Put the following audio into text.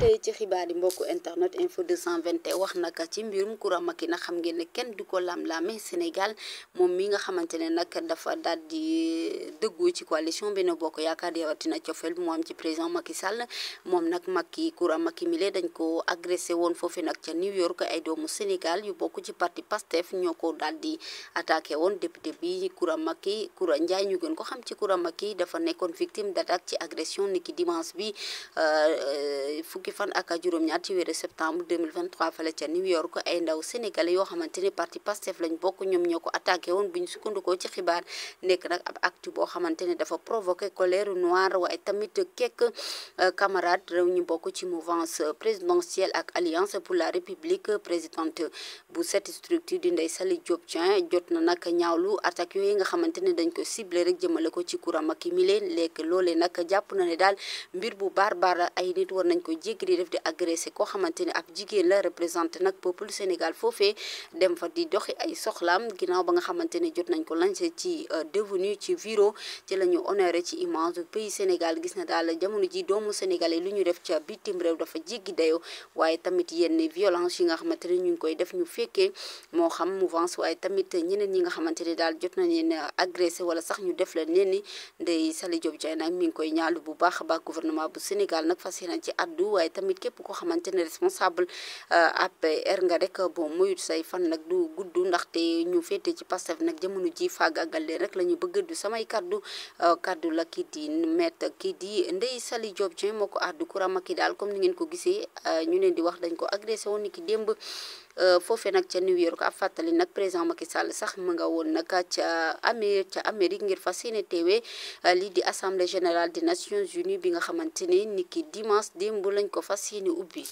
tey ci xibaar yi mbokku internet info 221 wax naka ci mbirum Coura Macky nag xam ngeen ne kenn du ko lam-laame Sénégal moom mi nga xamante ne nag dafa daal di dëggu ci coalition Benno Bokk Yaakaar di rawatina cofeel mu am ci président maki Sall moom nag Macky Coura maki mile dañ ko agressé woon foofu nag ca New York ay doomu Sénégal yu bokk ci parti Pastef ñoo ko daal di attaqué woon député bi Coura Macky Coura Ndiaye ñu gën ko xam ci Coura Macky dafa nekkoon victime d'attaque ci agression niki dimanche bi euh, euh, fukki fan ak juróom-ñaar ci weeru septembre 2023 fale ca New York ay ndaw sénégalais yoo xamante ni parti Pastef lañ bokk ñoom ñoo ko attaqué woon bu ñu sukkandikoo ci xibaar nekk nag ab acte boo xamante ne dafa provoqué colère noire waaye tamit kekk euh, camarade réew ñu bokk ci mouvance présidentielle ak alliance pour la république présidente bu cette structure di Ndeye Saly Diop Dieng jot na nag ñaawlu attaque yooyu nga xamante ne dañ ko ciblé rek jëmale ko ci kuram ak mi leen lekk na ne daal dégg di def di agressé koo xamante ne ab jigéen la représenté nag peuple Sénégal foofee dem fa di doxi ay soxlaam ginnaaw ba nga xamante ne jot nañ ko lancé ci euh, devenu ci viro ci la ñu honoré ci image du pays Sénégal gis na daal jamono ji doomu sénégalais lu ñu def ca bitim réew dafa jéggi dayoo waaye tamit yenn violence yi nga xamante ne ñu ngi koy def ñu fekkee moo xam mouvance waaye tamit ñeneen ñi nga xamante ne daal jot nañ leen agressé wala sax ñu def la leen ni Ndeye Saly Diop Dieng nag mi ngi a baax tamit képp ko xamante ne responsable euh, APR nga rek euh, boo moyut say fan nag du gudd ndaxte ñu féete ci Pastef nag jamono ji faagaagal leen rek la ñu bëgg du samay kaddu euh, kaddu la kiit di maître kii di Ndeye sali Diop Dieng moo ko àddu kuram ak daal comme ni ngeen ko gisee ñu leen di wax dañ ko agressé woon ni ki démb. Euh, foofee nag ca New York ab fàttali nag président Macky Sall sax ma nga woon nag ca Amé ca Amérique ngir fas yéene teewee euh, lii di assemblée générale des Nations Unies bi nga xamante ne niki dimanche démb lañ ko fas yéene ubbi.